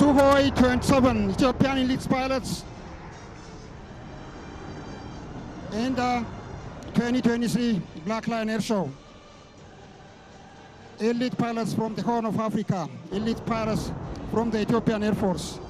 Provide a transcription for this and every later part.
Suhoi 27, Ethiopian elite pilots. And uh, 2023 Black Lion Air Show. Elite pilots from the Horn of Africa, elite pilots from the Ethiopian Air Force.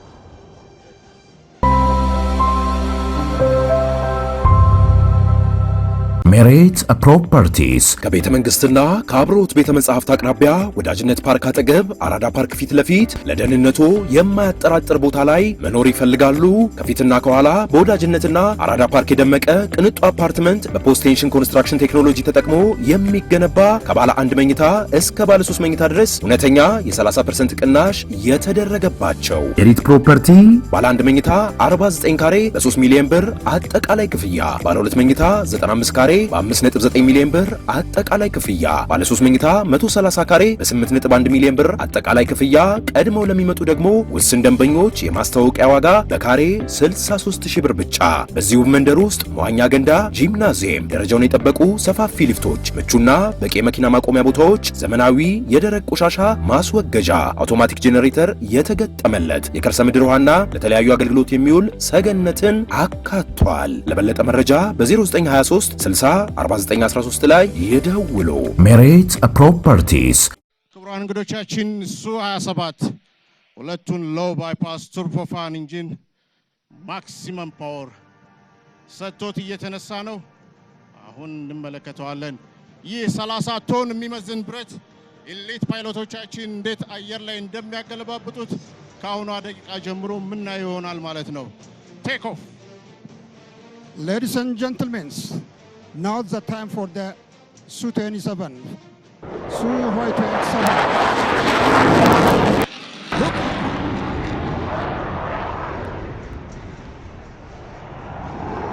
ሜሬት ፕሮፐርቲስ ከቤተ መንግስትና ከአብሮት ቤተ መጻሕፍት አቅራቢያ ወዳጅነት ፓርክ አጠገብ አራዳ ፓርክ ፊት ለፊት ለደህንነቱ የማያጠራጥር ቦታ ላይ መኖር ይፈልጋሉ? ከፊትና ከኋላ በወዳጅነትና አራዳ ፓርክ የደመቀ ቅንጡ አፓርትመንት በፖስቴንሽን ኮንስትራክሽን ቴክኖሎጂ ተጠቅሞ የሚገነባ ከባለ አንድ መኝታ እስከ ባለ ሶስት መኝታ ድረስ እውነተኛ የ30% ቅናሽ የተደረገባቸው ሜሪት ፕሮፐርቲ ባለ አንድ መኝታ 49 ካሬ በ3 ሚሊዮን ብር አጠቃላይ ክፍያ፣ ባለ ሁለት መኝታ 95 ካሬ በ5.9 ሚሊዮን ብር አጠቃላይ ክፍያ፣ ባለ 3 መኝታ 130 ካሬ በ8.1 ሚሊዮን ብር አጠቃላይ ክፍያ፣ ቀድመው ለሚመጡ ደግሞ ውስን ደንበኞች የማስታወቂያ ዋጋ በካሬ 63 ሺህ ብር ብቻ። በዚሁ መንደር ውስጥ መዋኛ ገንዳ፣ ጂምናዚየም፣ ደረጃውን የጠበቁ ሰፋፊ ሊፍቶች፣ ምቹና በቂ መኪና ማቆሚያ ቦታዎች፣ ዘመናዊ የደረቅ ቆሻሻ ማስወገጃ፣ አውቶማቲክ ጄኔሬተር የተገጠመለት የከርሰ ምድር ውሃና ለተለያዩ አገልግሎት የሚውል ሰገነትን አካቷል። ለበለጠ መረጃ በ0923 4913 ላይ ይደውሉ። ሜሬት ፕሮፐርቲስ። ክቡራን እንግዶቻችን ሱ 27 ሁለቱን ሎው ባይፓስ ቱርቦፋን ኢንጂን ማክሲመም ፓወር ሰጥቶት እየተነሳ ነው። አሁን እንመለከተዋለን። ይህ 30 ቶን የሚመዝን ብረት ኢሊት ፓይሎቶቻችን እንዴት አየር ላይ እንደሚያገለባብጡት ከአሁኗ ደቂቃ ጀምሮ ምናየው ይሆናል ማለት ነው። ቴክ ኦፍ ሌዲስ ኤንድ ጀንትልሜንስ Now the time for the Su-27. Su-27.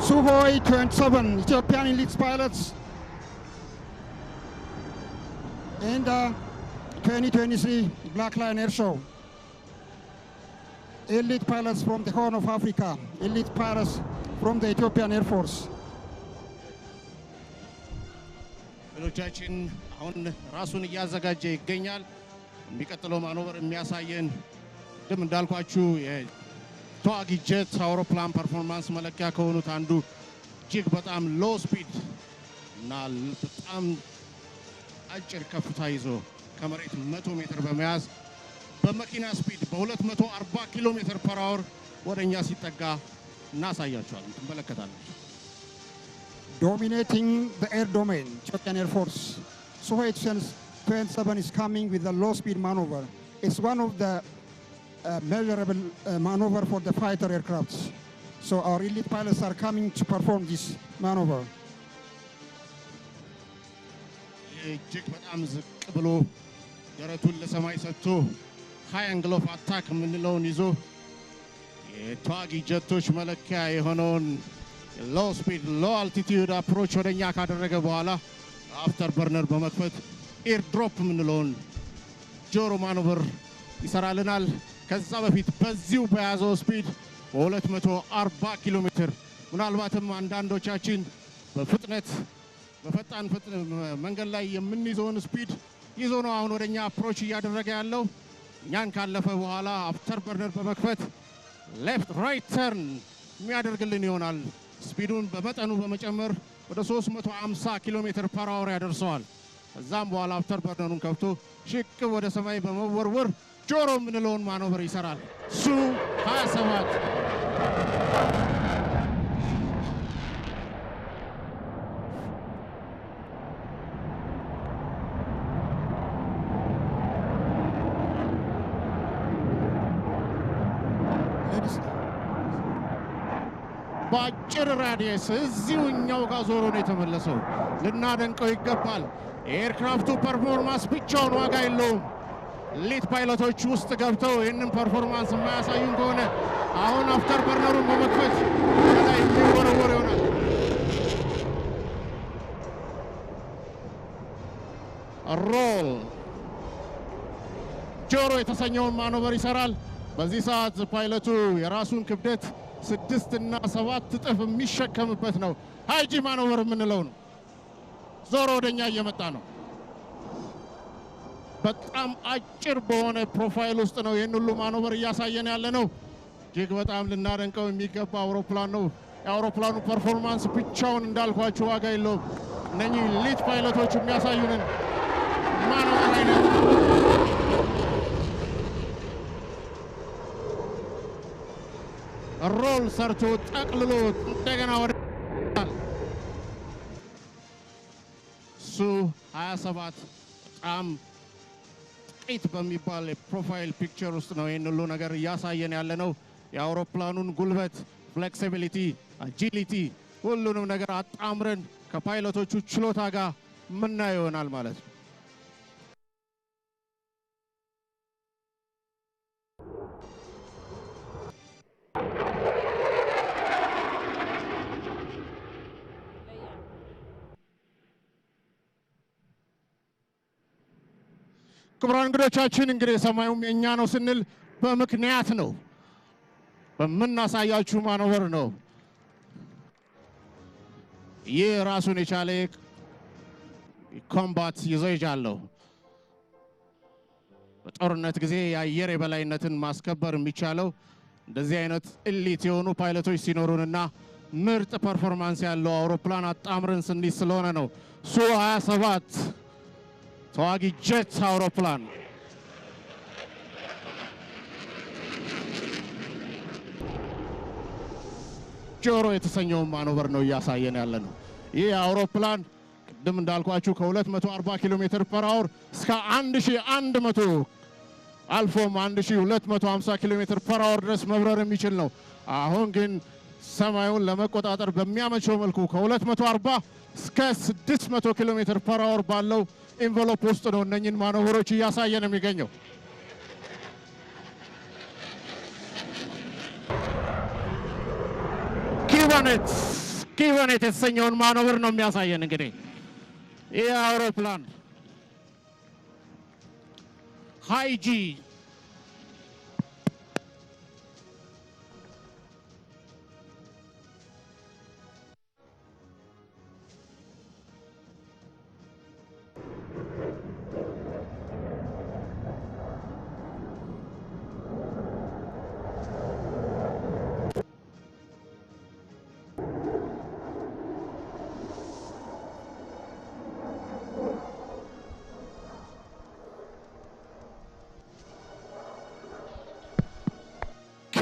Suhoi 27, Ethiopian elite pilots. And the uh, 2023 Black Lion Air Show. Elite pilots from the Horn of Africa, elite pilots from the Ethiopian Air Force. ሌሎቻችን አሁን ራሱን እያዘጋጀ ይገኛል። የሚቀጥለው ማኖበር የሚያሳየን ቅድም እንዳልኳችሁ የተዋጊ ጀት አውሮፕላን ፐርፎርማንስ መለኪያ ከሆኑት አንዱ እጅግ በጣም ሎ ስፒድ እና በጣም አጭር ከፍታ ይዞ ከመሬት 100 ሜትር በመያዝ በመኪና ስፒድ በ240 ኪሎ ሜትር ፐር አወር ወደ እኛ ሲጠጋ እናሳያቸዋለን፣ ትመለከታለች። dominating the air domain, Turkian Air Force. Suhoi 27 is coming with a low-speed maneuver. It's one of the uh, measurable uh, maneuver for the fighter aircrafts. So our elite pilots are coming to perform this maneuver. እጅግ በጣም ዝቅ ብሎ ደረቱን ለሰማይ ሰጥቶ ሃይ አንግል ኦፍ ሎ ስፒድ ሎ አልቲቲዩድ አፕሮች ወደኛ ካደረገ በኋላ አፍተር በርነር በመክፈት ኤርድሮፕ የምንለውን ጆሮ ማኖቨር ይሰራልናል። ከዛ በፊት በዚሁ በያዘው ስፒድ በ240 ኪሎ ሜትር ምናልባትም አንዳንዶቻችን በፍጥነት በፈጣን መንገድ ላይ የምንይዘውን ስፒድ ይዞ ነው አሁን ወደኛ አፕሮች እያደረገ ያለው። እኛን ካለፈ በኋላ አፍተር በርነር በመክፈት ሌፍት ራይት ተርን የሚያደርግልን ይሆናል። ስፒዱን በመጠኑ በመጨመር ወደ 350 ኪሎ ሜትር ፐር አወር ያደርሰዋል። ከዛም በኋላ አፍተር በርነሩን ከብቶ ሽቅ ወደ ሰማይ በመወርወር ጆሮ የምንለውን ማኖበር ይሰራል። ሱ 27 በአጭር ራዲየስ እዚሁ ጋር ዞሮ ነው የተመለሰው። ልናደንቀው ይገባል። ኤርክራፍቱ ፐርፎርማንስ ብቻውን ዋጋ የለውም። ሊት ፓይለቶች ውስጥ ገብተው ይህንን ፐርፎርማንስ የማያሳዩን ከሆነ አሁን አፍተር በርነሩን በመክፈት ላይ የሚወረወር ይሆናል። ሮል ጆሮ የተሰኘውን ማኖበር ይሰራል። በዚህ ሰዓት ፓይለቱ የራሱን ክብደት ስድስት እና ሰባት እጥፍ የሚሸከምበት ነው። ሀይጂ ማኖቨር የምንለው ነው። ዞሮ ወደኛ እየመጣ ነው። በጣም አጭር በሆነ ፕሮፋይል ውስጥ ነው ይህን ሁሉ ማኖቨር እያሳየን ያለ ነው። እጅግ በጣም ልናደንቀው የሚገባ አውሮፕላን ነው። የአውሮፕላኑ ፐርፎርማንስ ብቻውን እንዳልኳችሁ ዋጋ የለውም። እነኚህ ሊት ፓይለቶች የሚያሳዩንን ማኖቨር አይነት ሮል ሰርቶ ጠቅልሎ እንደገና ወደ እሱ 27 በጣም ጥቂት በሚባል የፕሮፋይል ፒክቸር ውስጥ ነው ይህን ሁሉ ነገር እያሳየን ያለ ነው። የአውሮፕላኑን ጉልበት፣ ፍሌክሲቢሊቲ፣ አጂሊቲ ሁሉንም ነገር አጣምረን ከፓይለቶቹ ችሎታ ጋር ምና ይሆናል ማለት ነው። ክቡራን እንግዶቻችን እንግዲህ ሰማዩም የእኛ ነው ስንል በምክንያት ነው፣ በምናሳያችሁ ማኖበር ነው። ይህ ራሱን የቻለ ኮምባት ይዞ ይጃለሁ። በጦርነት ጊዜ የአየር የበላይነትን ማስከበር የሚቻለው እንደዚህ አይነት እሊት የሆኑ ፓይለቶች ሲኖሩንና ምርጥ ፐርፎርማንስ ያለው አውሮፕላን አጣምረን ስንይዝ ስለሆነ ነው ሱ 27 ተዋጊ ጀት አውሮፕላን ጆሮ የተሰኘውን ማኖበር ነው እያሳየን ያለ ነው። ይህ አውሮፕላን ቅድም እንዳልኳችሁ ከ240 ኪሎ ሜትር ፐር አወር እስከ 1100 አልፎም 1250 ኪሎ ሜትር ፐር አወር ድረስ መብረር የሚችል ነው። አሁን ግን ሰማዩን ለመቆጣጠር በሚያመቸው መልኩ ከ240 እስከ 600 ኪሎ ሜትር ፐር አወር ባለው ኢንቨሎፕ ውስጥ ነው እነኝን ማኖቨሮች እያሳየ ነው የሚገኘው። ኪቨኔት ኪቨኔት የተሰኘውን ማኖቨር ነው የሚያሳየን። እንግዲህ ይህ አውሮፕላን ሃይጂ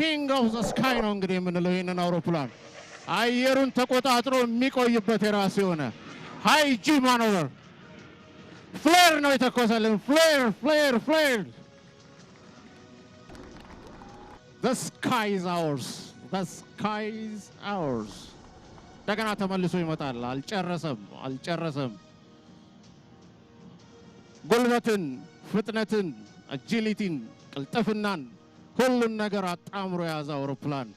ኪንግ ኦፍ ዘ ስካይ ነው እንግዲህ የምንለው ይህንን አውሮፕላን አየሩን ተቆጣጥሮ የሚቆይበት የራሱ የሆነ ሃይ ጂ ማኖቨር ፍሌር ነው የተኮሰልን። ፍሌር ፍሌር ፍሌር ዘ ስካይ አወርስ ዘ ስካይ አወርስ። እንደገና ተመልሶ ይመጣል። አልጨረሰም አልጨረሰም። ጉልበትን፣ ፍጥነትን፣ አጂሊቲን፣ ቅልጥፍናን ሁሉን ነገር አጣምሮ የያዘ አውሮፕላን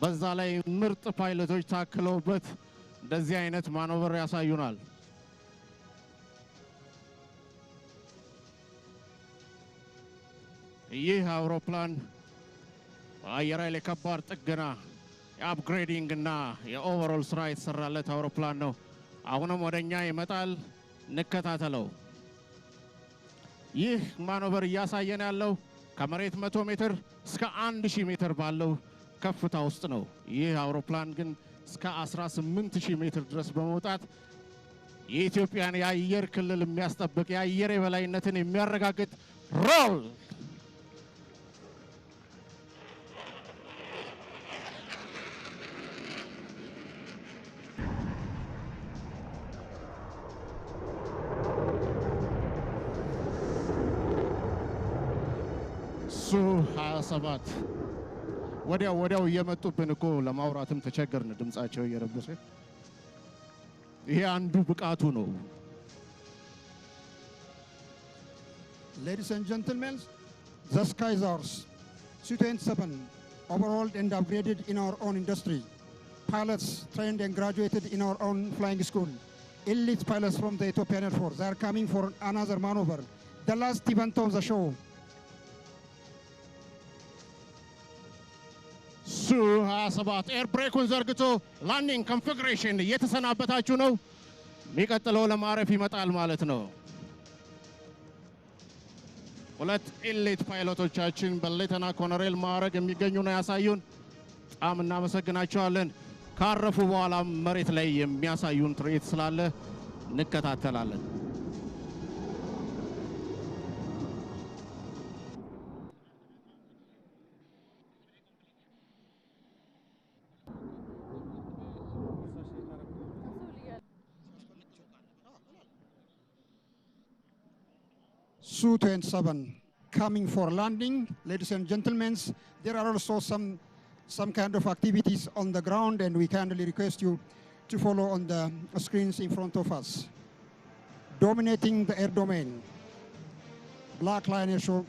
በዛ ላይ ምርጥ ፓይለቶች ታክለውበት እንደዚህ አይነት ማኖቨር ያሳዩናል። ይህ አውሮፕላን በአየር ኃይል የከባድ ጥገና የአፕግሬዲንግ እና የኦቨሮል ስራ የተሰራለት አውሮፕላን ነው። አሁንም ወደ እኛ ይመጣል፣ እንከታተለው። ይህ ማኖቨር እያሳየን ያለው ከመሬት 100 ሜትር እስከ 1000 ሜትር ባለው ከፍታ ውስጥ ነው። ይህ አውሮፕላን ግን እስከ 18000 ሜትር ድረስ በመውጣት የኢትዮጵያን የአየር ክልል የሚያስጠብቅ የአየር የበላይነትን የሚያረጋግጥ ሮል እሱ ሀያ ሰባት ወዲያው ወዲያው እየመጡብን እኮ ለማውራትም ተቸገርን። ድምጻቸው እየረበሰ ይሄ አንዱ ብቃቱ ነው። ሌዲስ ኤንድ ጀንትልሜንስ ዘ ስካይ ኢዝ አወርስ ሲቱዌንት ሰቨን ኦቨርኦልድ ኤንድ አፕግሬድድ ኢን አወር ኦውን ኢንዱስትሪ ፓይለትስ ትሬንድ ኤንድ ግራጁዌትድ ኢን አወር ኦውን ፍላይንግ ስኩል ኤሊት ፓይለትስ ፍሮም ዘ ኢትዮጵያን ኤርፎርስ አር ካሚንግ ፎር አናዘር ማኖቨር ዘ ላስት ኢቨንት ኦፍ ዘ ሾው 27 ኤርብሬኩን ዘርግቶ ላንዲንግ ኮንፊግሬሽን እየተሰናበታችሁ ነው። የሚቀጥለው ለማረፍ ይመጣል ማለት ነው። ሁለት ኢሊት ፓይሎቶቻችን በሌተና ኮሎኔል ማዕረግ የሚገኙ ነው ያሳዩን። በጣም እናመሰግናቸዋለን። ካረፉ በኋላ መሬት ላይ የሚያሳዩን ትርኢት ስላለ እንከታተላለን። Su-27 coming for landing. Ladies and gentlemen, there are also some, some kind of activities on the ground and we kindly request you to follow on the screens in front of us. Dominating the air domain. Black is Show